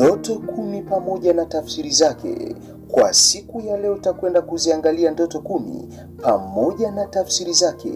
Ndoto kumi pamoja na tafsiri zake. Kwa siku ya leo takwenda kuziangalia ndoto kumi pamoja na tafsiri zake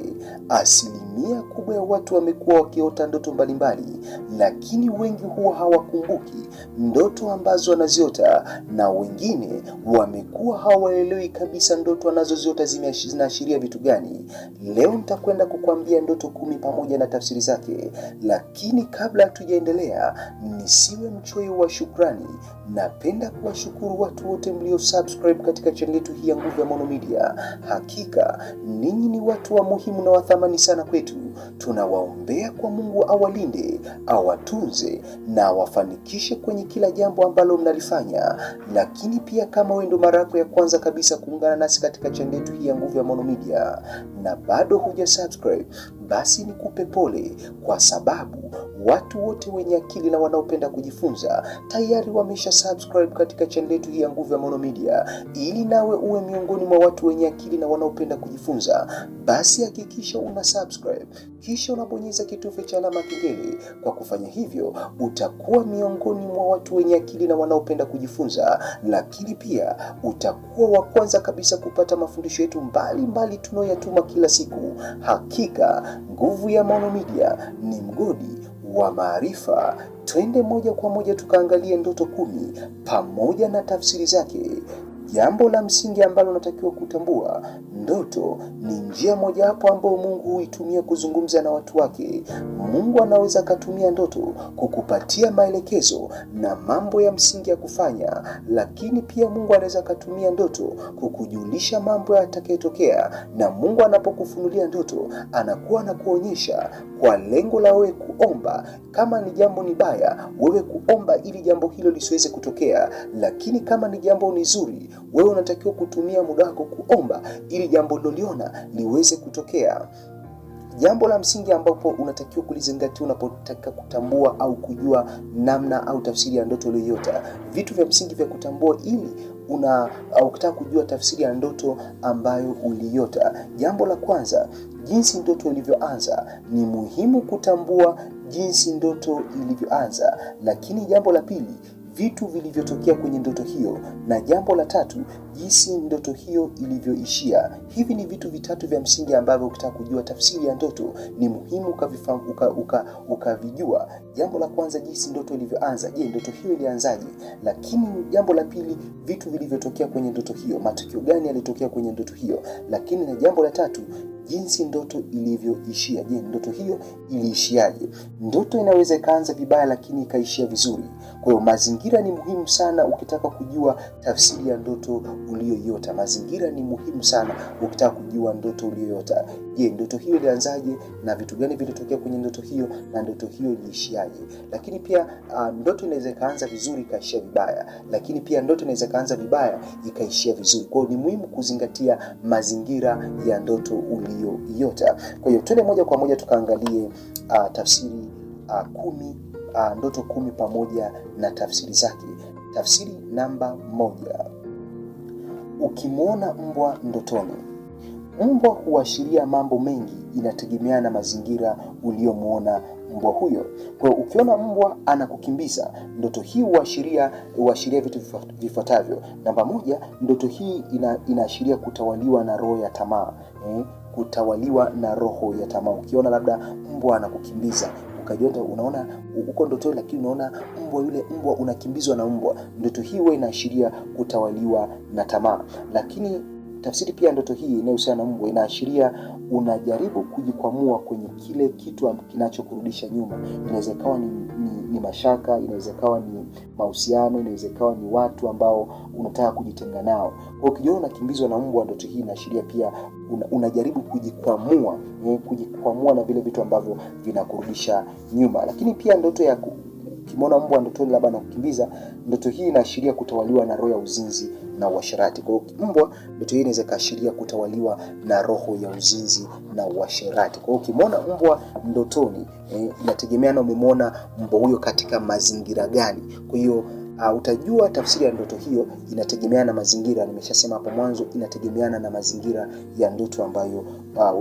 asili Asilimia kubwa ya watu wamekuwa wakiota ndoto mbalimbali, lakini wengi huwa hawakumbuki ndoto ambazo wanaziota, na wengine wamekuwa hawaelewi kabisa ndoto wanazoziota zinaashiria vitu gani. Leo nitakwenda kukuambia ndoto kumi pamoja na tafsiri zake, lakini kabla hatujaendelea, nisiwe mchoyo wa shukrani, napenda kuwashukuru watu wote mlio subscribe katika channel yetu hii ya Nguvu ya Maono Media. Hakika ninyi ni watu wa muhimu na wathamani sana kwetu yetu, tunawaombea kwa Mungu awalinde, awatunze na awafanikishe kwenye kila jambo ambalo mnalifanya. Lakini pia kama wewe ndo mara yako ya kwanza kabisa kuungana nasi katika chaneli yetu hii ya Nguvu ya Maono Media na bado huja subscribe basi nikupe pole, kwa sababu watu wote wenye akili na wanaopenda kujifunza tayari wamesha subscribe katika channel yetu hii ya Nguvu ya Maono Media. Ili nawe uwe miongoni mwa watu wenye akili na wanaopenda kujifunza, basi hakikisha una subscribe kisha unabonyeza kitufe cha alama kengele. Kwa kufanya hivyo, utakuwa miongoni mwa watu wenye akili na wanaopenda kujifunza, lakini pia utakuwa wa kwanza kabisa kupata mafundisho yetu mbalimbali tunayoyatuma kila siku. Hakika Nguvu ya Maono Media ni mgodi wa maarifa. Twende moja kwa moja tukaangalie ndoto kumi pamoja na tafsiri zake. Jambo la msingi ambalo unatakiwa kutambua, ndoto ni njia mojawapo ambayo Mungu huitumia kuzungumza na watu wake. Mungu anaweza akatumia ndoto kukupatia maelekezo na mambo ya msingi ya kufanya, lakini pia Mungu anaweza akatumia ndoto kukujulisha mambo yatakayotokea. Na Mungu anapokufunulia ndoto, anakuwa na kuonyesha kwa lengo la wewe kuomba. Kama ni jambo ni baya, wewe kuomba ili jambo hilo lisiweze kutokea, lakini kama ni jambo ni zuri wewe unatakiwa kutumia muda wako kuomba ili jambo liloliona liweze kutokea. Jambo la msingi ambapo unatakiwa kulizingatia unapotaka kutambua au kujua namna au tafsiri ya ndoto iliyoota, vitu vya msingi vya kutambua ili una au kutaka kujua tafsiri ya ndoto ambayo uliota. Jambo la kwanza, jinsi ndoto ilivyoanza. Ni muhimu kutambua jinsi ndoto ilivyoanza, lakini jambo la pili vitu vilivyotokea kwenye ndoto hiyo, na jambo la tatu jinsi ndoto hiyo ilivyoishia. Hivi ni vitu vitatu vya msingi ambavyo ukitaka kujua tafsiri ya ndoto ni muhimu ukavijua uka, uka, uka. Jambo la kwanza, jinsi ndoto ilivyoanza. Je, ndoto hiyo ilianzaje? Lakini jambo la pili, vitu vilivyotokea kwenye ndoto hiyo, matukio gani yalitokea kwenye ndoto hiyo. Lakini na jambo la tatu jinsi ndoto ilivyoishia. Je, ndoto hiyo iliishiaje? Ndoto inaweza ikaanza vibaya, lakini ikaishia vizuri. Kwa hiyo mazingira ni muhimu sana ukitaka kujua tafsiri ya ndoto uliyoyota. Mazingira ni muhimu sana ukitaka kujua ndoto uliyoyota. Je, ndoto hiyo ilianzaje na vitu gani vilitokea kwenye ndoto hiyo na ndoto hiyo iliishiaje? Lakini pia uh, ndoto inaweza ikaanza vizuri ikaishia vibaya, lakini pia ndoto inaweza ikaanza vibaya ikaishia vizuri. Kwa hiyo ni muhimu kuzingatia mazingira ya ndoto uliyoyota. Kwa hiyo twende moja kwa moja tukaangalie uh, tafsiri uh, kumi uh, ndoto kumi pamoja na tafsiri zake. Tafsiri namba moja ukimwona mbwa ndotoni. Mbwa huashiria mambo mengi, inategemeana na mazingira uliyomwona mbwa huyo. Kwa hiyo ukiona mbwa anakukimbiza, ndoto hii huashiria huashiria vitu vifuatavyo. Namba moja, ndoto hii inaashiria kutawaliwa na roho ya tamaa eh, kutawaliwa na roho ya tamaa. Ukiona labda mbwa anakukimbiza ukajiota unaona uko ndotoni, lakini unaona mbwa, yule mbwa unakimbizwa na mbwa. Ndoto hii huwa inaashiria kutawaliwa na tamaa, lakini Tafsiri pia ndoto hii inayohusiana na mbwa inaashiria unajaribu kujikwamua kwenye kile kitu kinachokurudisha nyuma. Inaweza ikawa ni, ni, ni mashaka, inaweza ikawa ni mahusiano, inaweza ikawa ni watu ambao unataka kujitenga nao. Kwa ukijiona unakimbizwa na mbwa, ndoto hii inaashiria pia una, unajaribu kujikwamua eh, kujikwamua na vile vitu ambavyo vinakurudisha nyuma. Lakini pia ndoto ya kimona mbwa ndotoni labda anakukimbiza, ndoto hii inaashiria kutawaliwa na roho ya uzinzi na uasherati. Kwa hiyo mbwa, ndoto hii inaweza ikaashiria kutawaliwa na roho ya uzinzi na uasherati. Kwa hiyo ukimwona mbwa ndotoni, eh, inategemeana umemwona mbwa huyo katika mazingira gani. Kwa hiyo Uh, utajua tafsiri ya ndoto hiyo inategemeana na mazingira. Nimeshasema hapo mwanzo, inategemeana na mazingira ya ndoto ambayo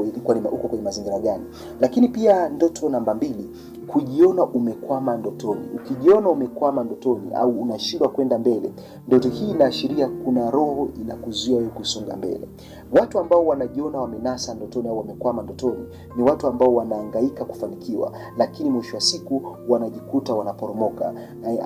ilikuwa ah, ni uko kwenye mazingira gani. Lakini pia ndoto namba mbili kujiona umekwama ndotoni. Ukijiona umekwama ndotoni au unashindwa kwenda mbele, ndoto hii inaashiria kuna roho inakuzuia wewe kusonga mbele. Watu ambao wanajiona wamenasa ndotoni au wamekwama ndotoni ni watu ambao wanaangaika kufanikiwa, lakini mwisho wa siku wanajikuta wanaporomoka.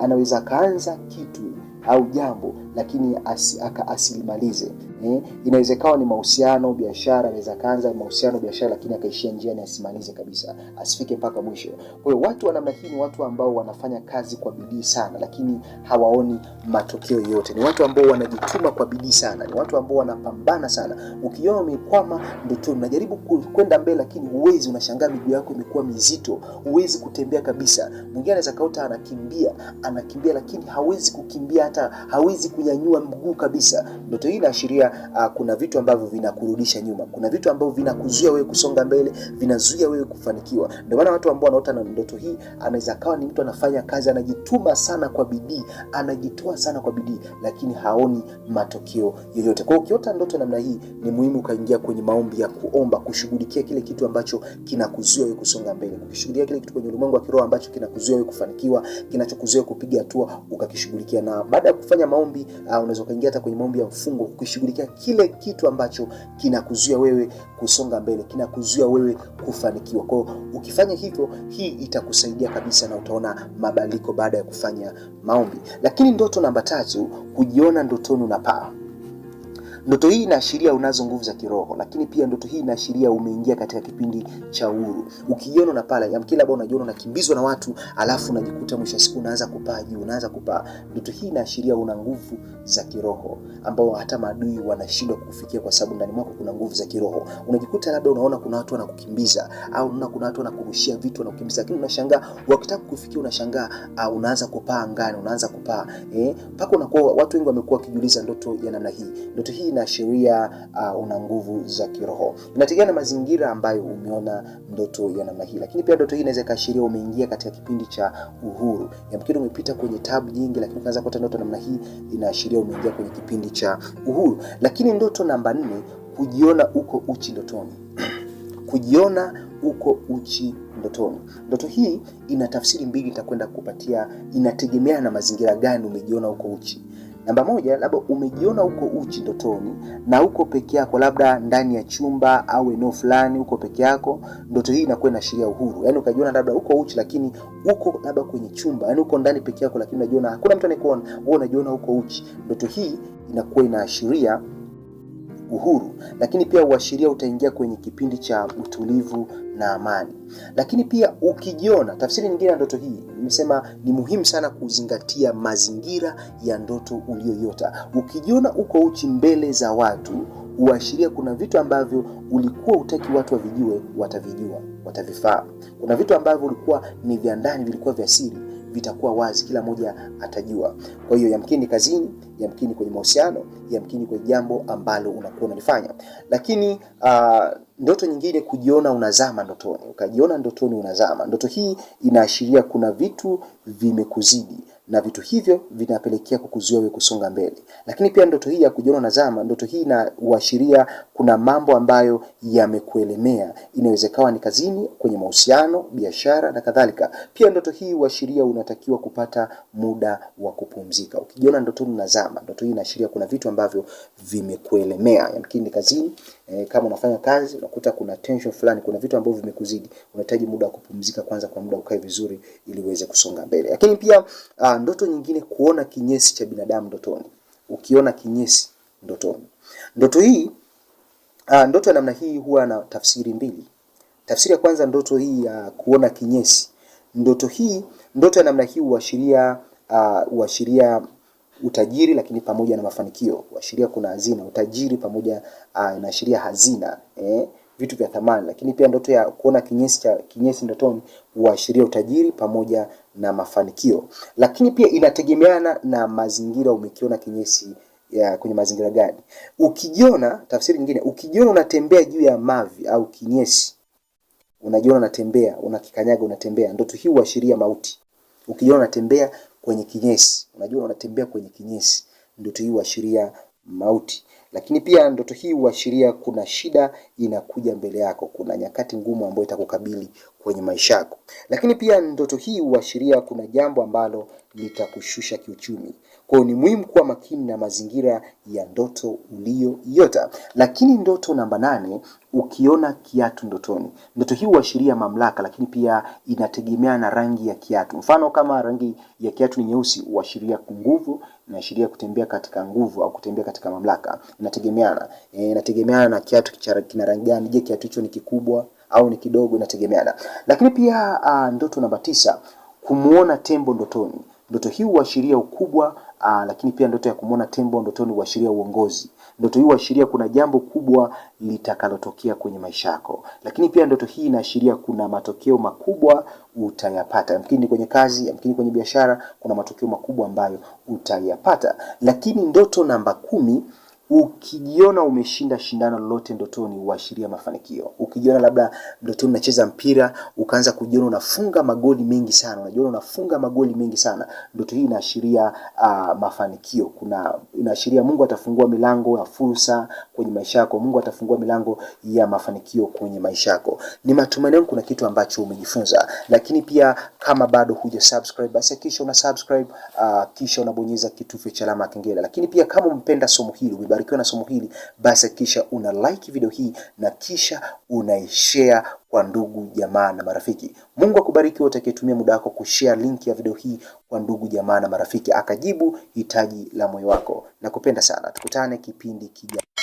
Anaweza akaanza kitu au jambo lakini as, aka asilimalize eh? Inawezekana ni mahusiano, biashara. Anaweza kaanza mahusiano, biashara, lakini akaishia njiani, asimalize kabisa, asifike mpaka mwisho. Kwa hiyo watu wa namna hii ni watu ambao wanafanya kazi kwa bidii sana, lakini hawaoni matokeo yote. Ni watu ambao wanajituma kwa bidii sana, ni watu ambao wanapambana sana. Ukiona umekwama ndoto, unajaribu kwenda mbele, lakini huwezi. Unashangaa miguu yako imekuwa mizito, huwezi kutembea kabisa. Mwingine anaweza kauta anakimbia, anakimbia, lakini hawezi kukimbia hata hawezi kunyanyua mguu kabisa. Ndoto hii inaashiria uh, kuna vitu ambavyo vinakurudisha nyuma, kuna vitu ambavyo vinakuzuia wewe kusonga mbele, vinazuia wewe kufanikiwa. Ndio maana watu ambao wanaota na ndoto hii, anaweza kawa ni mtu anafanya kazi, anajituma sana kwa bidii, anajitoa sana kwa bidii, lakini haoni matokeo yoyote. Kwa hiyo ukiota ndoto namna hii, ni muhimu ukaingia kwenye maombi ya kuomba, kushughulikia kile kitu ambacho kinakuzuia wewe kusonga mbele, kushughulikia kile kitu kwenye ulimwengu wa kiroho ambacho kinakuzuia wewe kufanikiwa, kinachokuzuia kupiga hatua, ukakishughulikia na baada ya kufanya maombi uh, unaweza ukaingia hata kwenye maombi ya mfungo, ukishughulikia kile kitu ambacho kinakuzuia wewe kusonga mbele, kinakuzuia wewe kufanikiwa. Kwa hiyo ukifanya hivyo, hii itakusaidia kabisa na utaona mabadiliko baada ya kufanya maombi. Lakini ndoto namba tatu, kujiona ndotoni unapaa. Ndoto hii inaashiria unazo nguvu za kiroho, lakini pia ndoto hii inaashiria umeingia katika kipindi cha uhuru. Ukiona na pale yamkini bwana, unajiona unakimbizwa na watu, alafu unajikuta mwisho wa siku unaanza kupaa juu, unaanza kupaa. Ndoto hii inaashiria una nguvu za kiroho ambao hata maadui wanashindwa kukufikia kwa sababu ndani mwako kuna nguvu za kiroho. Unajikuta labda unaona kuna watu wanakukimbiza au unaona kuna watu wanakurushia vitu wanakukimbiza, lakini unashangaa wakitaka kukufikia, unashangaa au ah, unaanza kupaa angani, unaanza kupaa eh, mpaka unakuwa watu wengi wamekuwa wakijiuliza ndoto ya namna hii. Ndoto hii na inaashiria uh, ah, una nguvu za kiroho. Inategemea na mazingira ambayo umeona ndoto ya namna hii, lakini pia ndoto hii inaweza ikaashiria umeingia katika kipindi cha uhuru. Yamkini umepita kwenye tabu nyingi, lakini ukaanza kupata ndoto namna hii, inaashiria umeingia kwenye kipindi cha uhuru. Lakini ndoto namba nne, kujiona uko uchi ndotoni kujiona uko uchi ndotoni. Ndoto hii ina tafsiri mbili, nitakwenda kupatia, inategemea na mazingira gani umejiona uko uchi. Namba moja, labda umejiona huko uchi ndotoni na uko peke yako, labda ndani ya chumba au eneo fulani, uko peke yako. Ndoto hii inakuwa inaashiria uhuru, yani ukajiona labda uko uchi, lakini uko labda kwenye chumba, yani uko ndani peke yako, lakini unajiona hakuna mtu anayekuona, wewe unajiona uko uchi. Ndoto hii inakuwa inaashiria uhuru, lakini pia uashiria utaingia kwenye kipindi cha utulivu na amani. Lakini pia ukijiona, tafsiri nyingine ya ndoto hii imesema ni muhimu sana kuzingatia mazingira ya ndoto uliyoyota. Ukijiona uko uchi mbele za watu, uashiria kuna vitu ambavyo ulikuwa utaki watu wavijue, watavijua, watavifahamu. Kuna vitu ambavyo ulikuwa ni vya ndani, vilikuwa vya siri vitakuwa wazi, kila mmoja atajua. Kwa hiyo yamkini kazini, yamkini kwenye mahusiano, yamkini kwenye jambo ambalo unakuwa unalifanya, lakini uh, Ndoto nyingine kujiona unazama ndotoni, ukajiona ndotoni unazama. Ndoto hii inaashiria kuna vitu vimekuzidi na vitu hivyo vinapelekea kukuzuia wewe kusonga mbele. Lakini pia ndoto hii ya kujiona unazama, ndoto hii inaashiria kuna mambo ambayo yamekuelemea, inawezekana ni kazini, kwenye mahusiano, biashara na kadhalika. Pia ndoto hii huashiria unatakiwa kupata muda wa kupumzika. Ukijiona ndotoni unazama, ndoto hii inaashiria kuna vitu ambavyo vimekuelemea, yamkini yaani kazini E, kama unafanya kazi unakuta kuna tension fulani, kuna vitu ambavyo vimekuzidi, unahitaji muda wa kupumzika kwanza, kwa muda ukae vizuri, ili uweze kusonga mbele. Lakini pia a, ah, ndoto nyingine, kuona kinyesi cha binadamu ndotoni, ukiona kinyesi ndotoni. Ndoto hii a, ah, ndoto ya namna hii huwa na tafsiri mbili. Tafsiri ya kwanza, ndoto hii ya kuona kinyesi, ndoto hii, ndoto ya namna hii huashiria ah, huashiria utajiri lakini pamoja na mafanikio, kuashiria kuna hazina. Utajiri pamoja uh, inaashiria hazina eh, vitu vya thamani. Lakini pia ndoto ya kuona kinyesi cha kinyesi ndotoni huashiria utajiri pamoja na mafanikio. Lakini pia inategemeana na mazingira, umekiona kinyesi ya kwenye mazingira gani? Ukijiona, tafsiri nyingine, ukijiona unatembea juu ya mavi au kinyesi, unajiona unatembea, unakikanyaga, unatembea, ndoto hii huashiria mauti. Ukijiona unatembea kwenye kinyesi. Unajua unatembea kwenye kinyesi, ndoto hii huashiria mauti. Lakini pia ndoto hii huashiria kuna shida inakuja mbele yako, kuna nyakati ngumu ambayo itakukabili kwenye maisha yako. Lakini pia ndoto hii huashiria kuna jambo ambalo litakushusha kiuchumi. Kwa hiyo ni muhimu kuwa makini na mazingira ya ndoto uliyoiota. Lakini ndoto namba nane, ukiona kiatu ndotoni. Ndoto hii huashiria mamlaka, lakini pia inategemea na rangi ya kiatu. Mfano, kama rangi ya kiatu ni nyeusi, huashiria nguvu, inaashiria kutembea katika nguvu au kutembea katika mamlaka, inategemeana. Eh, inategemeana na kiatu kina rangi gani. Je, kiatu hicho ni kikubwa au ni kidogo, inategemeana. Lakini pia uh, ndoto namba tisa, kumwona tembo ndotoni. Ndoto hii huashiria ukubwa uh, lakini pia ndoto ya kumuona tembo ndotoni huashiria uongozi. Ndoto hii huashiria kuna jambo kubwa litakalotokea kwenye maisha yako, lakini pia ndoto hii inaashiria kuna matokeo makubwa utayapata, yamkini kwenye kazi, yamkini kwenye biashara, kuna matokeo makubwa ambayo utayapata. Lakini ndoto namba kumi Ukijiona umeshinda shindano lolote ndotoni, huashiria mafanikio. Ukijiona labda ndotoni unacheza mpira ukaanza kujiona unafunga magoli mengi sana, unajiona unafunga magoli mengi sana, ndoto hii inaashiria uh, mafanikio. Kuna inaashiria Mungu atafungua milango ya fursa kwenye maisha yako, Mungu atafungua milango ya mafanikio kwenye maisha yako. Ni matumaini yangu kuna kitu ambacho umejifunza, lakini pia kama bado huja subscribe, basi kisha una subscribe uh, kisha unabonyeza kitufe cha alama kengele. Lakini pia kama umpenda somo hili umebarikiwa na somo hili, basi hakikisha una like video hii na kisha unaishare kwa ndugu jamaa na marafiki. Mungu akubariki wote atakayetumia muda wako kushare link ya video hii kwa ndugu jamaa na marafiki, akajibu hitaji la moyo wako. Nakupenda sana, tukutane kipindi kijacho.